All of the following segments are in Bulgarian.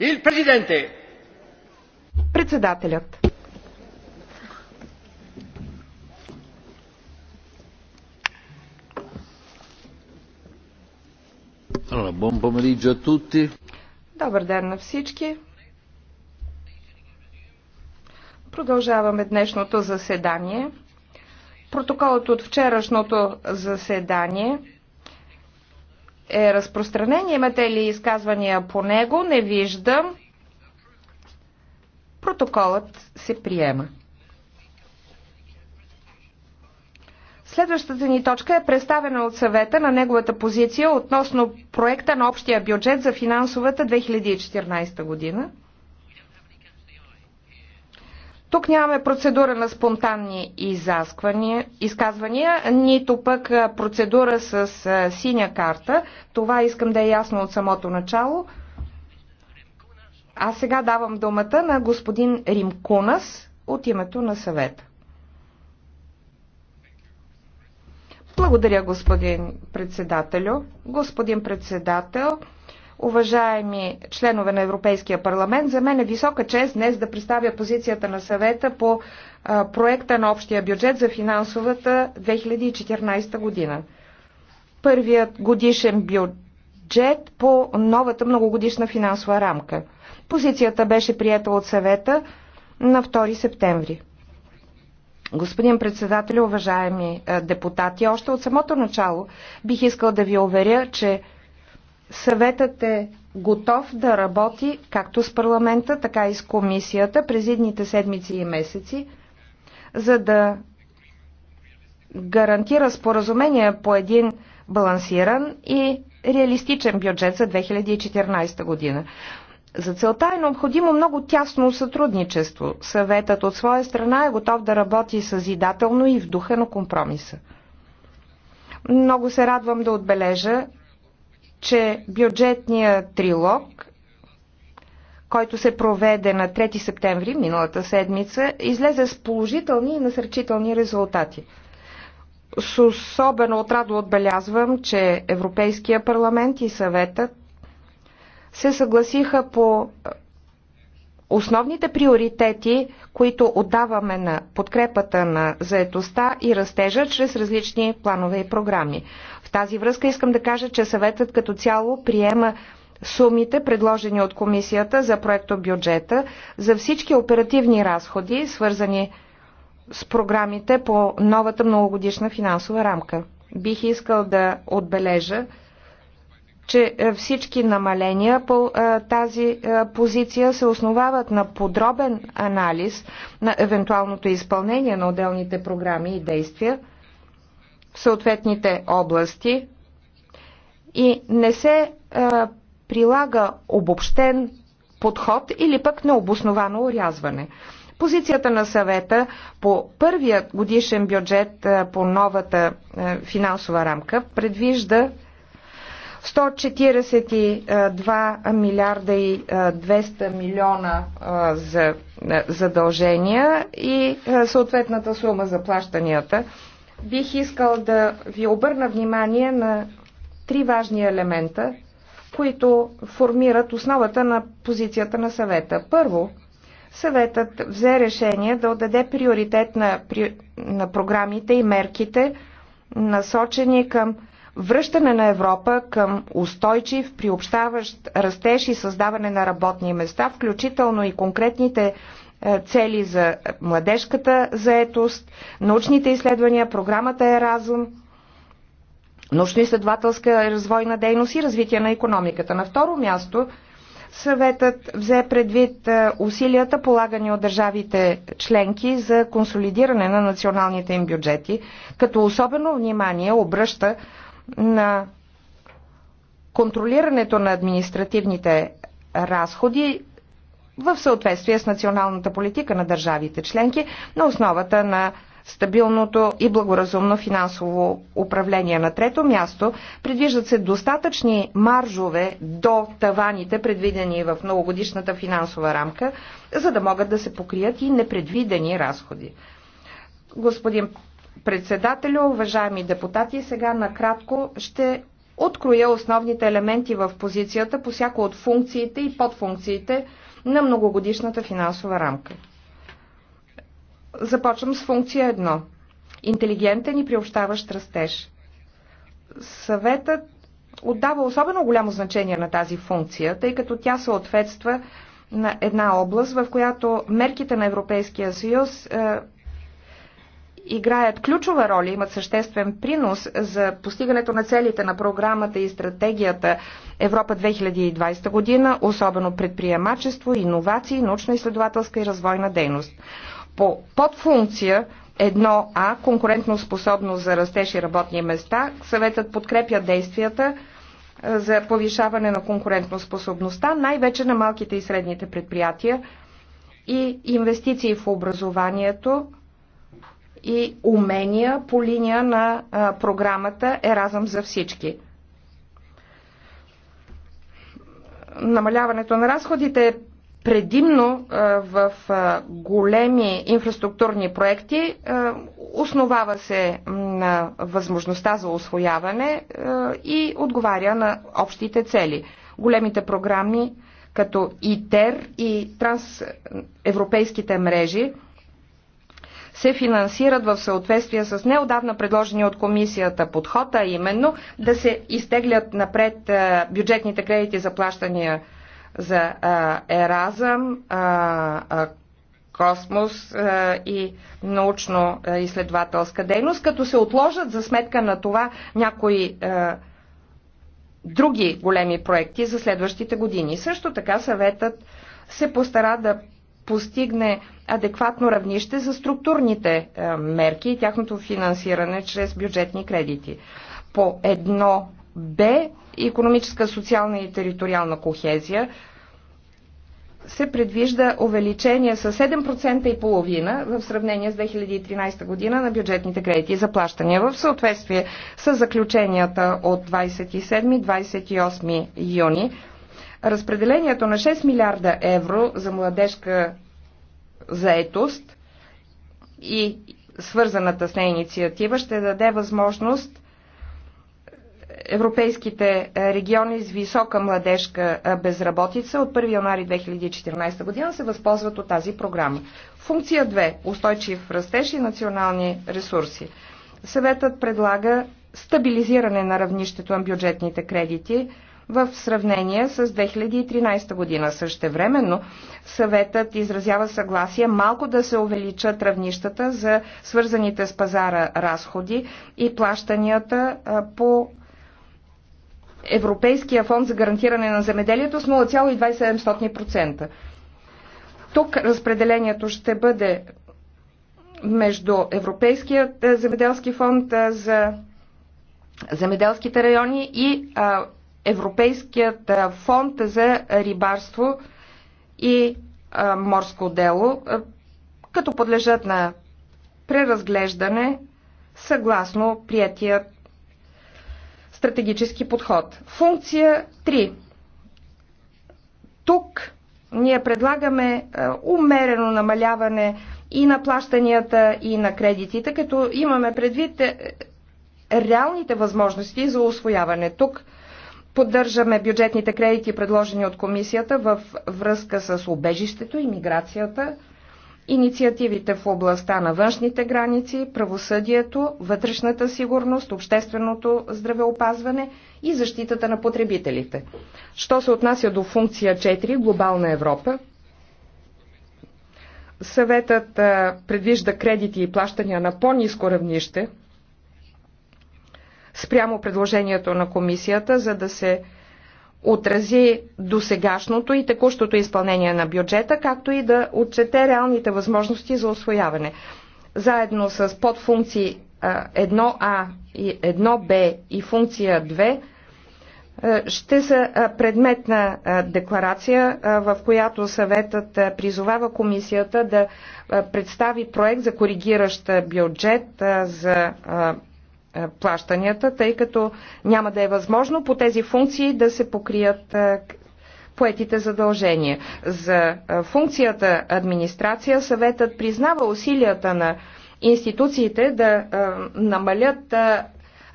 Il Presidente. Председателят. Добър ден на всички. Продължаваме днешното заседание. Протоколът от вчерашното заседание е разпространен. Имате ли изказвания по него? Не виждам. Протоколът се приема. Следващата ни точка е представена от съвета на неговата позиция относно проекта на общия бюджет за финансовата 2014 година. Тук нямаме процедура на спонтанни изказвания, нито пък процедура с синя карта. Това искам да е ясно от самото начало. А сега давам думата на господин Римкунас от името на съвета. Благодаря, господин председателю. Господин председател, Уважаеми членове на Европейския парламент, за мен е висока чест днес да представя позицията на съвета по проекта на общия бюджет за финансовата 2014 година. Първият годишен бюджет по новата многогодишна финансова рамка. Позицията беше приета от съвета на 2 септември. Господин председател, уважаеми депутати, още от самото начало бих искал да ви уверя, че Съветът е готов да работи както с парламента, така и с комисията през едните седмици и месеци, за да гарантира споразумение по един балансиран и реалистичен бюджет за 2014 година. За целта е необходимо много тясно сътрудничество. Съветът от своя страна е готов да работи съзидателно и в духа на компромиса. Много се радвам да отбележа, че бюджетният трилог, който се проведе на 3 септември миналата седмица, излезе с положителни и насърчителни резултати. С особено отрадо отбелязвам, че Европейския парламент и съветът се съгласиха по основните приоритети, които отдаваме на подкрепата на заетостта и растежа чрез различни планове и програми тази връзка искам да кажа, че съветът като цяло приема сумите, предложени от комисията за проекто бюджета, за всички оперативни разходи, свързани с програмите по новата многогодишна финансова рамка. Бих искал да отбележа, че е, всички намаления по е, тази е, позиция се основават на подробен анализ на евентуалното изпълнение на отделните програми и действия – в съответните области и не се а, е, прилага обобщен подход или пък необосновано урязване. Позицията на съвета по първия годишен бюджет е, по новата е, финансова рамка предвижда 142 милиарда и 200 милиона за задължения и съответната сума за плащанията бих искал да ви обърна внимание на три важни елемента, които формират основата на позицията на съвета. Първо, съветът взе решение да отдаде приоритет на, на програмите и мерките, насочени към връщане на Европа към устойчив, приобщаващ растеж и създаване на работни места, включително и конкретните е, цели за младежката заетост, научните изследвания, програмата е разум, научно-изследователска развойна дейност и развитие на економиката. На второ място съветът взе предвид е, усилията полагани от държавите членки за консолидиране на националните им бюджети, като особено внимание обръща на контролирането на административните разходи в съответствие с националната политика на държавите членки на основата на стабилното и благоразумно финансово управление. На трето място предвиждат се достатъчни маржове до таваните, предвидени в многогодишната финансова рамка, за да могат да се покрият и непредвидени разходи. Господин председателю, уважаеми депутати, сега накратко ще откроя основните елементи в позицията по всяко от функциите и подфункциите на многогодишната финансова рамка. Започвам с функция 1. Интелигентен и приобщаващ растеж. Съветът отдава особено голямо значение на тази функция, тъй като тя съответства на една област, в която мерките на Европейския съюз е, играят ключова роля, имат съществен принос за постигането на целите на програмата и стратегията Европа 2020 година, особено предприемачество, иновации, научно-изследователска и развойна дейност. По подфункция 1А конкурентно способност за растеж и работни места, съветът подкрепя действията за повишаване на способността, най-вече на малките и средните предприятия и инвестиции в образованието, и умения по линия на програмата Еразъм за всички. Намаляването на разходите е предимно в големи инфраструктурни проекти основава се на възможността за освояване и отговаря на общите цели. Големите програми като ИТЕР и трансевропейските мрежи се финансират в съответствие с неодавна предложения от комисията подход, а именно да се изтеглят напред е, бюджетните кредити за плащания е, за Еразъм, е, космос и научно-изследователска дейност, като се отложат за сметка на това някои други големи проекти за следващите години. Също така съветът се постара да постигне адекватно равнище за структурните е, мерки и тяхното финансиране чрез бюджетни кредити. По едно Б економическа, социална и териториална кохезия се предвижда увеличение с 7% и половина в сравнение с 2013 година на бюджетните кредити и заплащания в съответствие с заключенията от 27-28 юни разпределението на 6 милиарда евро за младежка заетост и свързаната с нея инициатива ще даде възможност европейските региони с висока младежка безработица от 1 януари 2014 година се възползват от тази програма. Функция 2. Устойчив растеж и национални ресурси. Съветът предлага стабилизиране на равнището на бюджетните кредити в сравнение с 2013 година. Същевременно съветът изразява съгласие малко да се увеличат равнищата за свързаните с пазара разходи и плащанията по Европейския фонд за гарантиране на земеделието с 0,27%. Тук разпределението ще бъде между Европейският е, земеделски фонд е, за земеделските райони и а, Европейският фонд за рибарство и морско дело, като подлежат на преразглеждане съгласно приятия стратегически подход. Функция 3. Тук ние предлагаме умерено намаляване и на плащанията, и на кредитите, като имаме предвид реалните възможности за освояване. Тук Поддържаме бюджетните кредити, предложени от комисията в връзка с обежището и миграцията, инициативите в областта на външните граници, правосъдието, вътрешната сигурност, общественото здравеопазване и защитата на потребителите. Що се отнася до функция 4 Глобална Европа, съветът предвижда кредити и плащания на по-низко равнище – спрямо предложението на комисията, за да се отрази досегашното и текущото изпълнение на бюджета, както и да отчете реалните възможности за освояване. Заедно с подфункции 1А и 1Б и функция 2 ще са предмет на декларация, в която съветът призовава комисията да представи проект за коригиращ бюджет за е, плащанията, тъй като няма да е възможно по тези функции да се покрият е, поетите задължения. За е, функцията администрация съветът признава усилията на институциите да намалят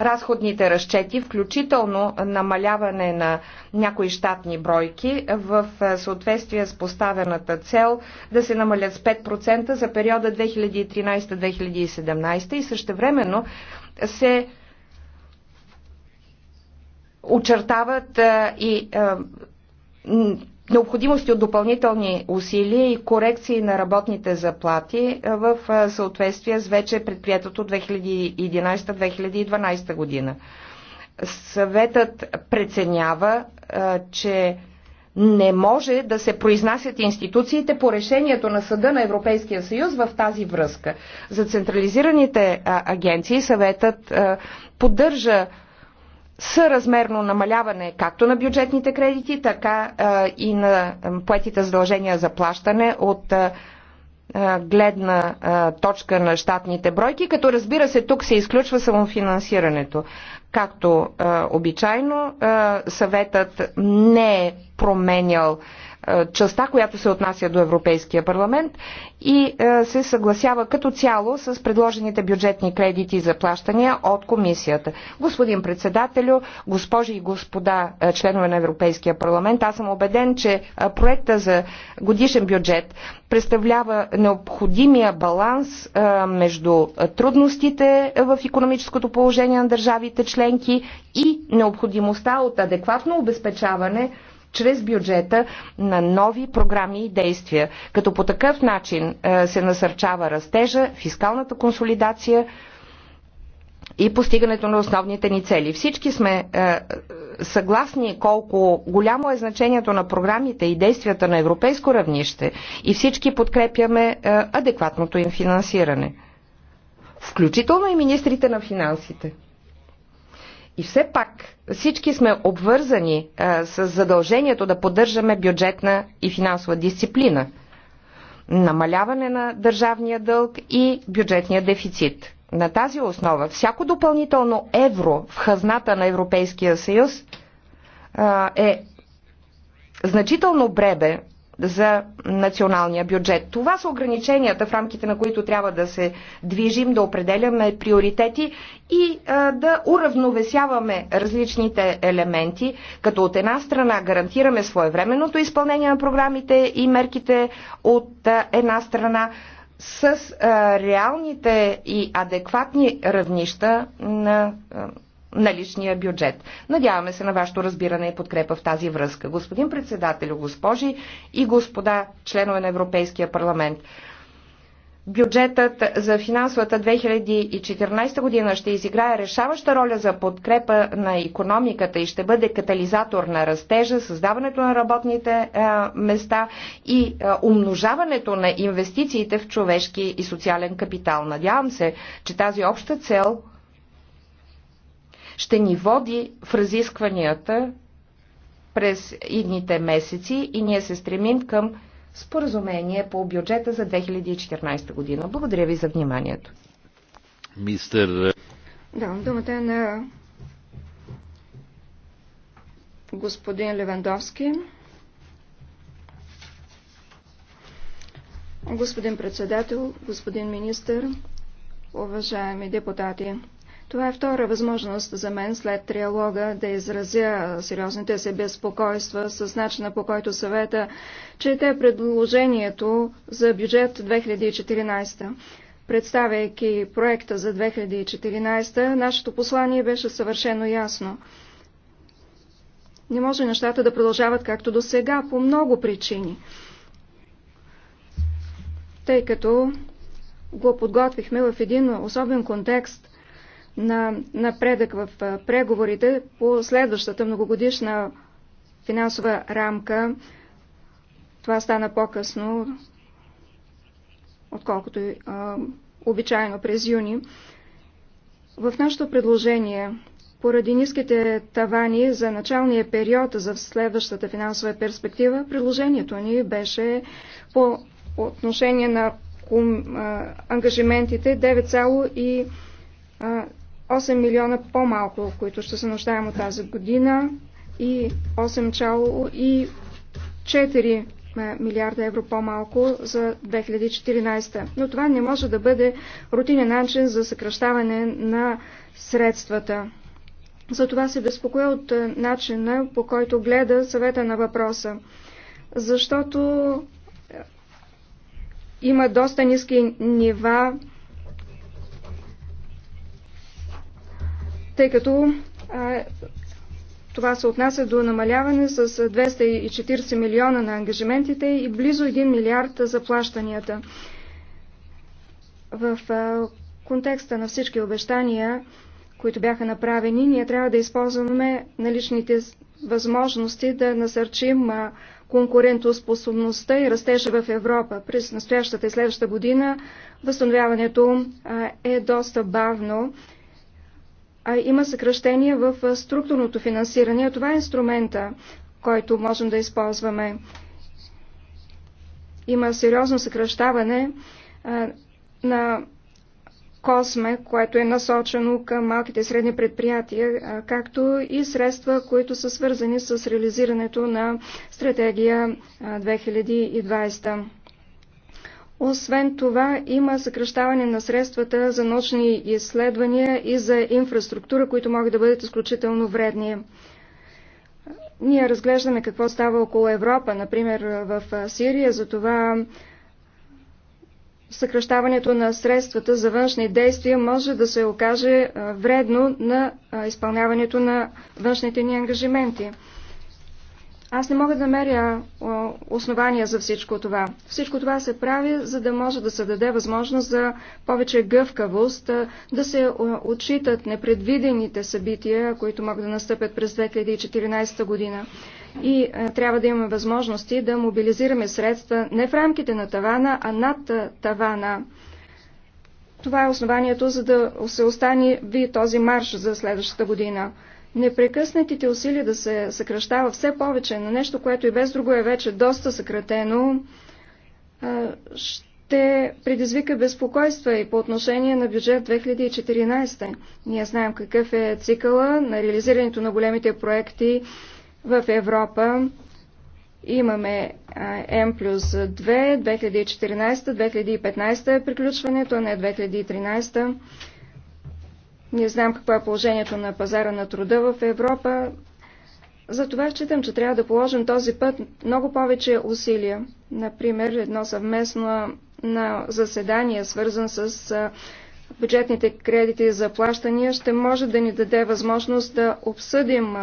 разходните разчети, включително намаляване на някои щатни бройки в съответствие с поставената цел да се намалят с 5% за периода 2013-2017 и същевременно се очертават и необходимости от допълнителни усилия и корекции на работните заплати в съответствие с вече предприятото 2011-2012 година. Съветът преценява, че не може да се произнасят институциите по решението на Съда на Европейския съюз в тази връзка. За централизираните агенции съветът поддържа съразмерно намаляване както на бюджетните кредити, така и на поетите задължения за плащане от гледна точка на щатните бройки, като разбира се тук се изключва самофинансирането. Както е, обичайно, е, съветът не е променял е, частта, която се отнася до Европейския парламент и е, се съгласява като цяло с предложените бюджетни кредити и заплащания от комисията. Господин председателю, госпожи и господа е, членове на Европейския парламент, аз съм убеден, че проекта за годишен бюджет представлява необходимия баланс между трудностите в економическото положение на държавите членки и необходимостта от адекватно обезпечаване чрез бюджета на нови програми и действия, като по такъв начин е, се насърчава растежа, фискалната консолидация и постигането на основните ни цели. Всички сме е, е, съгласни колко голямо е значението на програмите и действията на европейско равнище и всички подкрепяме е, адекватното им финансиране. Включително и министрите на финансите. И все пак всички сме обвързани а, с задължението да поддържаме бюджетна и финансова дисциплина, намаляване на държавния дълг и бюджетния дефицит. На тази основа всяко допълнително евро в хазната на Европейския съюз а, е значително бребе за националния бюджет. Това са ограниченията, в рамките на които трябва да се движим, да определяме приоритети и а, да уравновесяваме различните елементи, като от една страна гарантираме своевременното изпълнение на програмите и мерките от а, една страна с а, реалните и адекватни равнища на. А, на личния бюджет. Надяваме се на вашето разбиране и подкрепа в тази връзка. Господин председател, госпожи и господа членове на Европейския парламент, бюджетът за финансовата 2014 година ще изиграе решаваща роля за подкрепа на економиката и ще бъде катализатор на растежа, създаването на работните места и умножаването на инвестициите в човешки и социален капитал. Надявам се, че тази обща цел – ще ни води в разискванията през идните месеци и ние се стремим към споразумение по бюджета за 2014 година. Благодаря ви за вниманието. Мистер... Давам думата на господин Левандовски. Господин председател, господин министър, уважаеми депутати. Това е втора възможност за мен след триалога да изразя сериозните си безпокойства с начина по който съвета чете предложението за бюджет 2014. Представяйки проекта за 2014, нашето послание беше съвършено ясно. Не може нещата да продължават както до сега по много причини. Тъй като го подготвихме в един особен контекст, на напредък в преговорите по следващата многогодишна финансова рамка. Това стана по-късно, отколкото а, обичайно през юни. В нашето предложение, поради ниските тавани за началния период за следващата финансова перспектива, предложението ни беше по отношение на ангажиментите 9,5 8 милиона по-малко, които ще се нуждаем от тази година и 8 и 4 е, милиарда евро по-малко за 2014. Но това не може да бъде рутинен начин за съкръщаване на средствата. Затова се безпокоя от е, начина, по който гледа съвета на въпроса. Защото е, има доста ниски нива тъй като а, това се отнася до намаляване с 240 милиона на ангажиментите и близо 1 милиард за плащанията. В а, контекста на всички обещания, които бяха направени, ние трябва да използваме наличните възможности да насърчим конкурентоспособността и растежа в Европа. През настоящата и следващата година възстановяването е доста бавно а, има съкръщение в структурното финансиране. Това е инструмента, който можем да използваме. Има сериозно съкръщаване на Косме, което е насочено към малките и средни предприятия, както и средства, които са свързани с реализирането на стратегия 2020. Освен това, има съкръщаване на средствата за научни изследвания и за инфраструктура, които могат да бъдат изключително вредни. Ние разглеждаме какво става около Европа, например в Сирия, за това съкръщаването на средствата за външни действия може да се окаже вредно на изпълняването на външните ни ангажименти. Аз не мога да намеря основания за всичко това. Всичко това се прави, за да може да се даде възможност за повече гъвкавост, да се отчитат непредвидените събития, които могат да настъпят през 2014 година. И трябва да имаме възможности да мобилизираме средства не в рамките на тавана, а над тавана. Това е основанието, за да се остане ви този марш за следващата година непрекъснатите усилия да се съкръщава все повече на нещо, което и без друго е вече доста съкратено, ще предизвика безпокойства и по отношение на бюджет 2014. Ние знаем какъв е цикъла на реализирането на големите проекти в Европа. Имаме М плюс 2, 2014, 2015 е приключването, а не 2013. Не знам какво е положението на пазара на труда в Европа. Затова считам, че трябва да положим този път много повече усилия. Например, едно съвместно на заседание, свързан с бюджетните кредити за плащания, ще може да ни даде възможност да обсъдим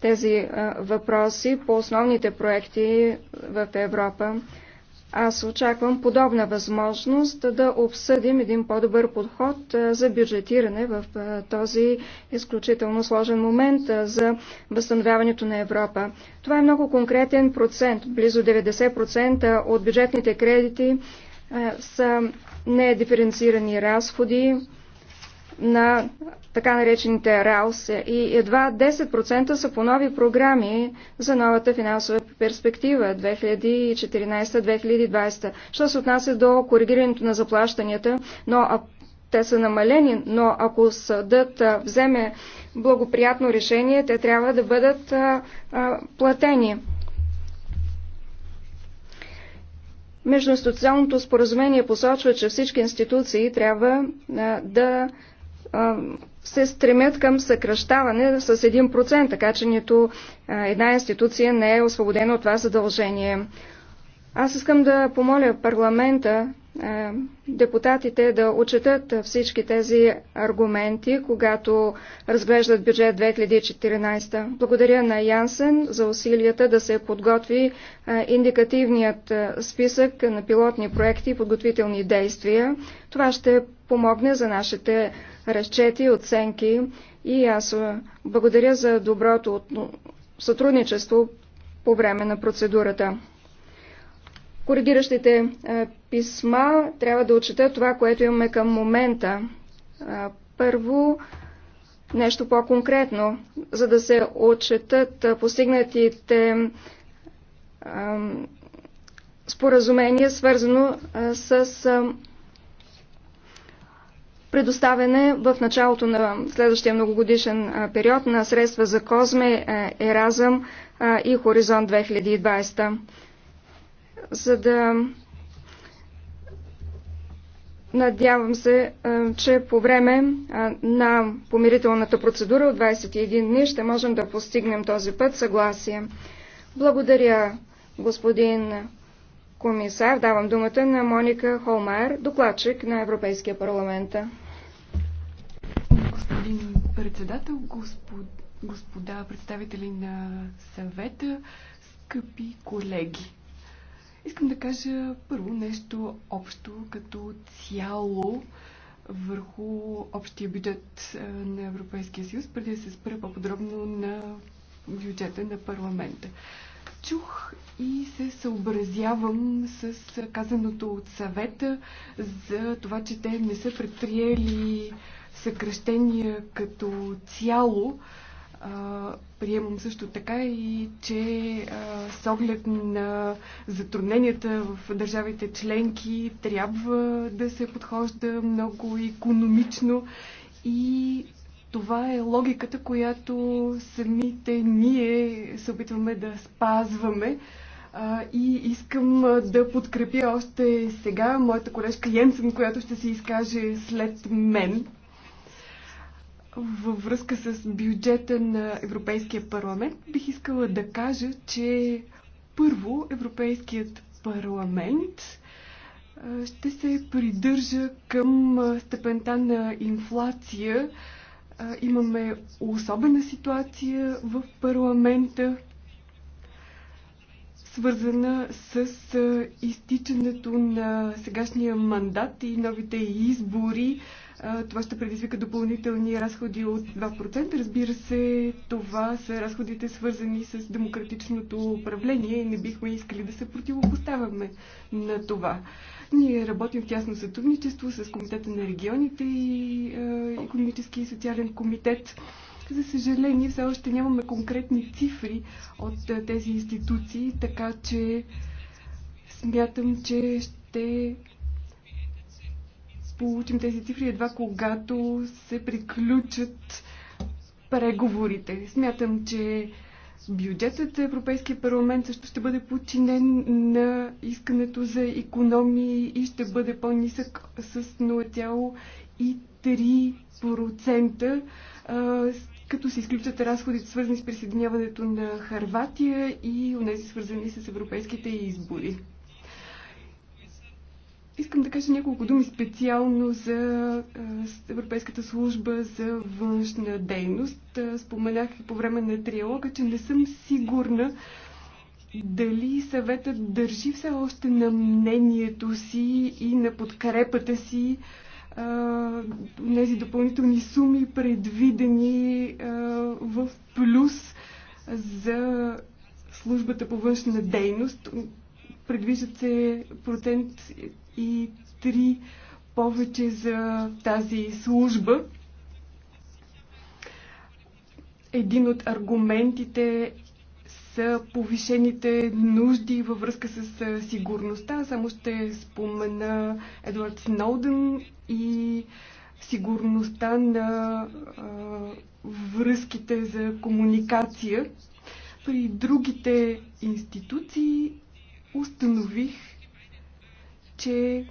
тези въпроси по основните проекти в Европа. Аз очаквам подобна възможност да обсъдим един по-добър подход за бюджетиране в този изключително сложен момент за възстановяването на Европа. Това е много конкретен процент. Близо 90% от бюджетните кредити са недиференцирани разходи, на така наречените РАУС и едва 10% са по нови програми за новата финансова перспектива 2014-2020. Що се отнася до коригирането на заплащанията, но а, те са намалени, но ако съдът а, вземе благоприятно решение, те трябва да бъдат а, а, платени. Междуинституционното споразумение посочва, че всички институции трябва да се стремят към съкръщаване с 1%, така че нито една институция не е освободена от това задължение. Аз искам да помоля парламента е, депутатите да отчетат всички тези аргументи, когато разглеждат бюджет 2014. Благодаря на Янсен за усилията да се подготви е, индикативният е, списък на пилотни проекти и подготвителни действия. Това ще помогне за нашите разчети, оценки и аз благодаря за доброто сътрудничество по време на процедурата. Коригиращите е, писма трябва да отчета това, което имаме към момента. Е, първо, нещо по-конкретно, за да се отчетат е, постигнатите споразумения, свързано с предоставяне в началото на следващия многогодишен период на средства за Козме, Еразъм и Хоризонт 2020 за да Надявам се, че по време на помирителната процедура от 21 дни ще можем да постигнем този път съгласие. Благодаря, господин комисар. Давам думата на Моника Холмайер, докладчик на Европейския парламент. Господин председател, господ... господа представители на съвета, скъпи колеги. Искам да кажа първо нещо общо като цяло върху общия бюджет на Европейския съюз, преди да се спра по-подробно на бюджета на парламента. Чух и се съобразявам с казаното от съвета за това, че те не са предприели съкръщения като цяло приемам също така и, че с оглед на затрудненията в държавите членки трябва да се подхожда много економично и това е логиката, която самите ние се опитваме да спазваме. И искам да подкрепя още сега моята колежка Йенсен, която ще се изкаже след мен във връзка с бюджета на Европейския парламент, бих искала да кажа, че първо Европейският парламент ще се придържа към степента на инфлация. Имаме особена ситуация в парламента, свързана с изтичането на сегашния мандат и новите избори това ще предизвика допълнителни разходи от 2%. Разбира се, това са разходите свързани с демократичното управление и не бихме искали да се противопоставяме на това. Ние работим в тясно сътрудничество с Комитета на регионите и Економически и социален комитет. За съжаление, все още нямаме конкретни цифри от тези институции, така че смятам, че ще получим тези цифри едва когато се приключат преговорите. Смятам, че бюджетът на Европейския парламент също ще бъде подчинен на искането за економии и ще бъде по-нисък с 0,3% като се изключат разходите свързани с присъединяването на Харватия и онези свързани с европейските избори. Искам да кажа няколко думи специално за Европейската служба за външна дейност. Споменах по време на триалога, че не съм сигурна дали съветът държи все още на мнението си и на подкрепата си тези допълнителни суми, предвидени в плюс за службата по външна дейност Предвиждат се процент и три повече за тази служба. Един от аргументите са повишените нужди във връзка с сигурността. Само ще спомена Едуард Сноуден и сигурността на а, връзките за комуникация. При другите институции установих, че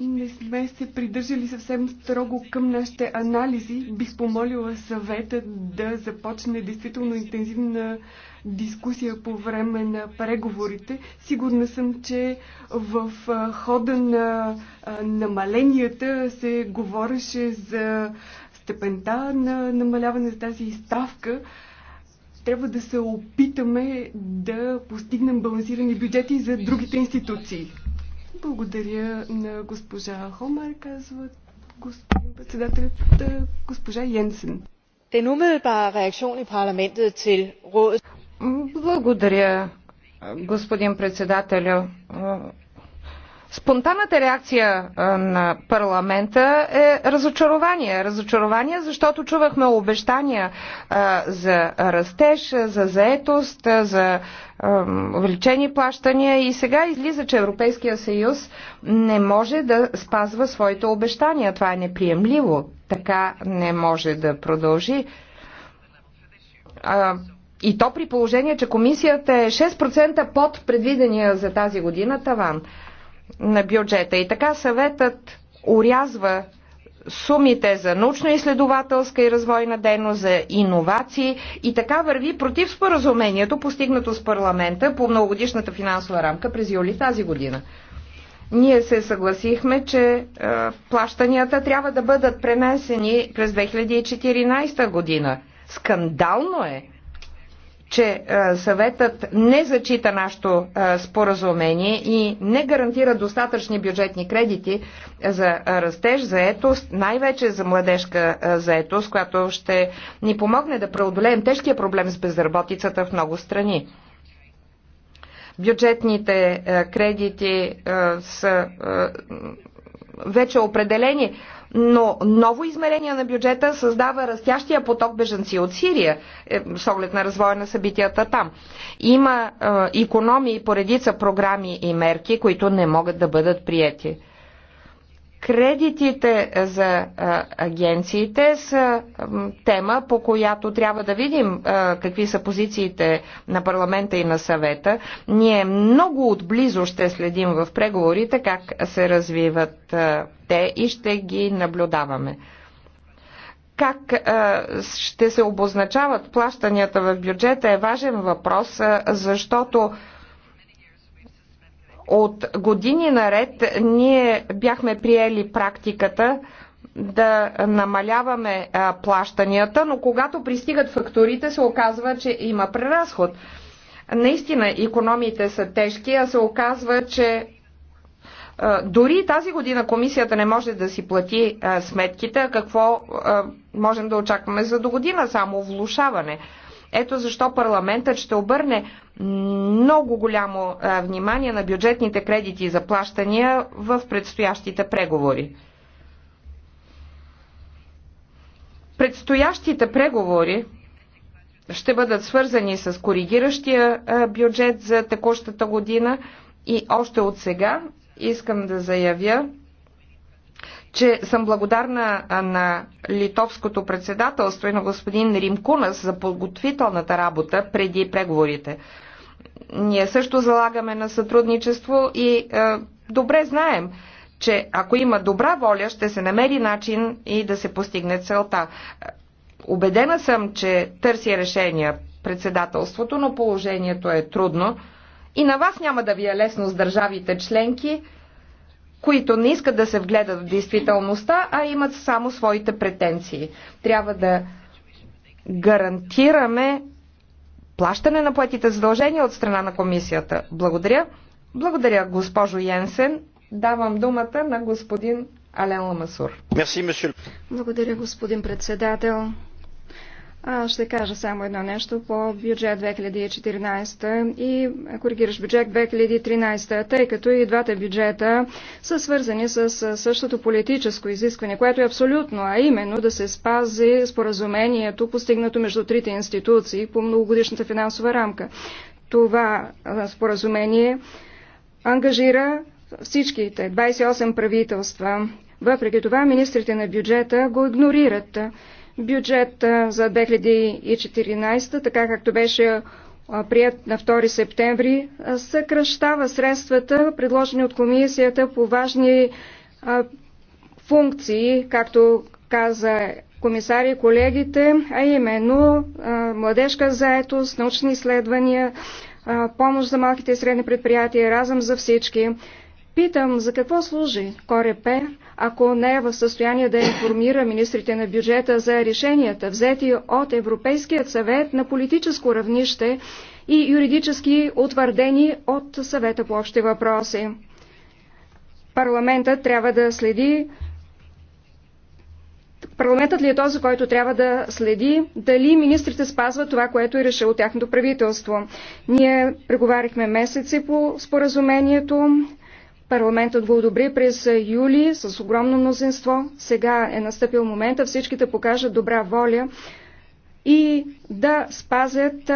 не сме се придържали съвсем строго към нашите анализи. Бих помолила съвета да започне действително интензивна дискусия по време на преговорите. Сигурна съм, че в хода на намаленията се говореше за степента на намаляване за тази ставка трябва да се опитаме да постигнем балансирани бюджети за другите институции. Благодаря на госпожа Хомер, казва господин председателят, госпожа Йенсен. Den er umiddelbare reaktion i parlamentet til rådet. Благодаря, господин председателю. Спонтанната реакция на парламента е разочарование. Разочарование, защото чувахме обещания за растеж, за заетост, за увеличени плащания и сега излиза, че Европейския съюз не може да спазва своите обещания. Това е неприемливо. Така не може да продължи. И то при положение, че комисията е 6% под предвидения за тази година таван на бюджета. И така съветът урязва сумите за научно-изследователска и развойна дейност, за иновации и така върви против споразумението, постигнато с парламента по многогодишната финансова рамка през юли тази година. Ние се съгласихме, че е, плащанията трябва да бъдат пренесени през 2014 година. Скандално е, че е, съветът не зачита нашето е, споразумение и не гарантира достатъчни бюджетни кредити за растеж, заетост, най-вече за младежка е, заетост, която ще ни помогне да преодолеем тежкия проблем с безработицата в много страни. Бюджетните кредити са вече определени но ново измерение на бюджета създава растящия поток бежанци от Сирия, е, с оглед на развоя на събитията там. Има економии по редица програми и мерки, които не могат да бъдат приети. Кредитите за агенциите са тема, по която трябва да видим какви са позициите на парламента и на съвета. Ние много отблизо ще следим в преговорите как се развиват те и ще ги наблюдаваме как а, ще се обозначават плащанията в бюджета е важен въпрос, а, защото от години наред ние бяхме приели практиката да намаляваме плащанията, но когато пристигат фактурите, се оказва, че има преразход. Наистина, економиите са тежки, а се оказва, че дори тази година комисията не може да си плати сметките, какво можем да очакваме за до година, само влушаване. Ето защо парламентът ще обърне много голямо е, внимание на бюджетните кредити за плащания в предстоящите преговори. Предстоящите преговори ще бъдат свързани с коригиращия е, бюджет за текущата година и още от сега искам да заявя, че съм благодарна на литовското председателство и на господин Римкунас за подготвителната работа преди преговорите. Ние също залагаме на сътрудничество и е, добре знаем, че ако има добра воля, ще се намери начин и да се постигне целта. Обедена съм, че търси решения председателството, но положението е трудно. И на вас няма да ви е лесно с държавите членки, които не искат да се вгледат в действителността, а имат само своите претенции. Трябва да гарантираме плащане на платите задължения от страна на комисията. Благодаря. Благодаря, госпожо Йенсен. Давам думата на господин Ален Ламасур. Благодаря, господин председател. А, ще кажа само едно нещо по бюджет 2014 и коригираш бюджет 2013, тъй като и двата бюджета са свързани с същото политическо изискване, което е абсолютно, а именно да се спази споразумението, постигнато между трите институции по многогодишната финансова рамка. Това споразумение ангажира всичките 28 правителства. Въпреки това, министрите на бюджета го игнорират бюджет за 2014, така както беше прият на 2 септември, съкръщава средствата, предложени от комисията по важни функции, както каза комисари и колегите, а именно младежка заетост, научни изследвания, помощ за малките и средни предприятия, разъм за всички. Питам, за какво служи Корепе, ако не е в състояние да информира министрите на бюджета за решенията, взети от Европейският съвет на политическо равнище и юридически утвърдени от съвета по общи въпроси. Парламентът трябва да следи Парламентът ли е този, който трябва да следи дали министрите спазват това, което е решило тяхното правителство? Ние преговарихме месеци по споразумението, Парламентът го одобри през юли с огромно мнозинство. Сега е настъпил момента всички да покажат добра воля и да спазят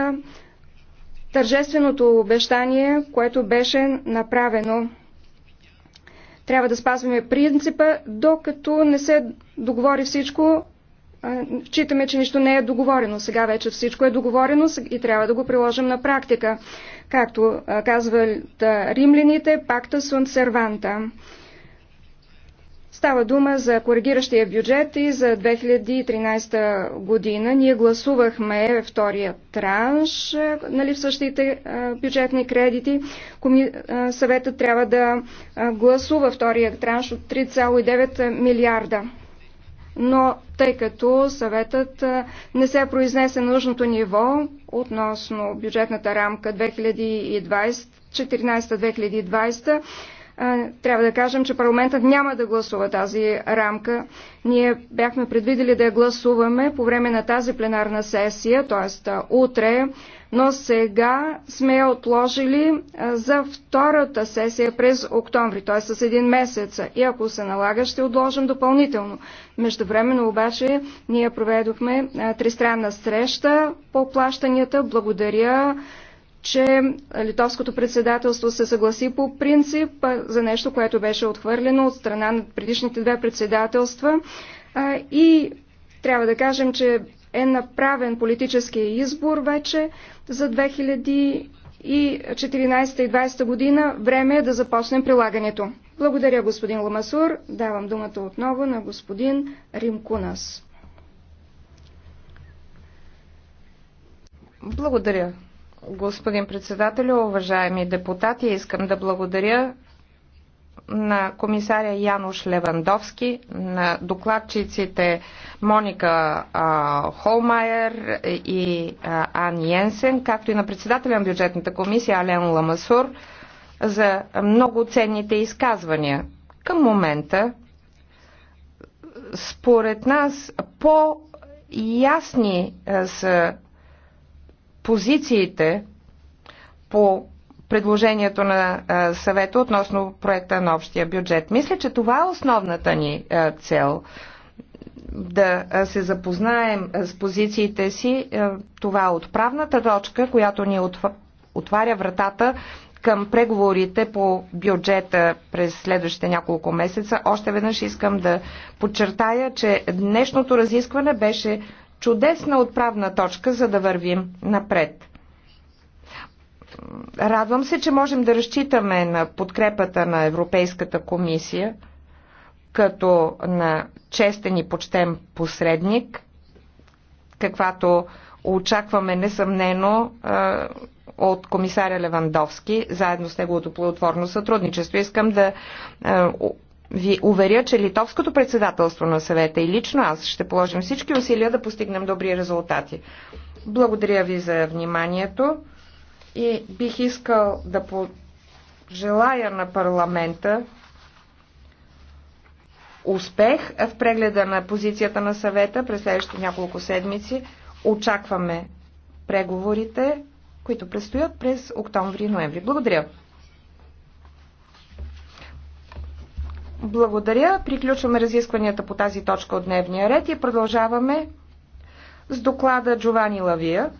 тържественото обещание, което беше направено. Трябва да спазваме принципа, докато не се договори всичко. Читаме, че нищо не е договорено. Сега вече всичко е договорено и трябва да го приложим на практика. Както казват римляните, пакта sunt серванта. Става дума за коригиращия бюджет и за 2013 година. Ние гласувахме втория транш нали, в същите бюджетни кредити. Съветът трябва да гласува втория транш от 3,9 милиарда. Но тъй като съветът не се произнесе на нужното ниво относно бюджетната рамка 2014-2020 трябва да кажем, че парламентът няма да гласува тази рамка. Ние бяхме предвидели да я гласуваме по време на тази пленарна сесия, т.е. утре, но сега сме я отложили за втората сесия през октомври, т.е. с един месец. И ако се налага, ще отложим допълнително. Междувременно обаче ние проведохме тристранна среща по плащанията. Благодаря че литовското председателство се съгласи по принцип за нещо, което беше отхвърлено от страна на предишните две председателства и трябва да кажем, че е направен политическия избор вече за 2014 и 2020 година. Време е да започнем прилагането. Благодаря, господин Ламасур. Давам думата отново на господин Римкунас. Благодаря, Господин председател, уважаеми депутати, искам да благодаря на комисаря Януш Левандовски, на докладчиците Моника а, Холмайер и а, Ан Йенсен, както и на председателя на бюджетната комисия Ален Ламасур за много ценните изказвания. Към момента, според нас, по-ясни са позициите по предложението на съвета относно проекта на общия бюджет. Мисля, че това е основната ни цел да се запознаем с позициите си. Това е отправната точка, която ни отваря вратата към преговорите по бюджета през следващите няколко месеца. Още веднъж искам да подчертая, че днешното разискване беше чудесна отправна точка, за да вървим напред. Радвам се, че можем да разчитаме на подкрепата на Европейската комисия като на честен и почтен посредник, каквато очакваме несъмнено от комисаря Левандовски, заедно с неговото плодотворно сътрудничество. Искам да ви уверя, че литовското председателство на съвета и лично аз ще положим всички усилия да постигнем добри резултати. Благодаря ви за вниманието и бих искал да пожелая на парламента успех в прегледа на позицията на съвета през следващите няколко седмици. Очакваме преговорите, които предстоят през октомври и ноември. Благодаря. Благодаря. Приключваме разискванията по тази точка от дневния ред и продължаваме с доклада Джовани Лавия.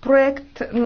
Проект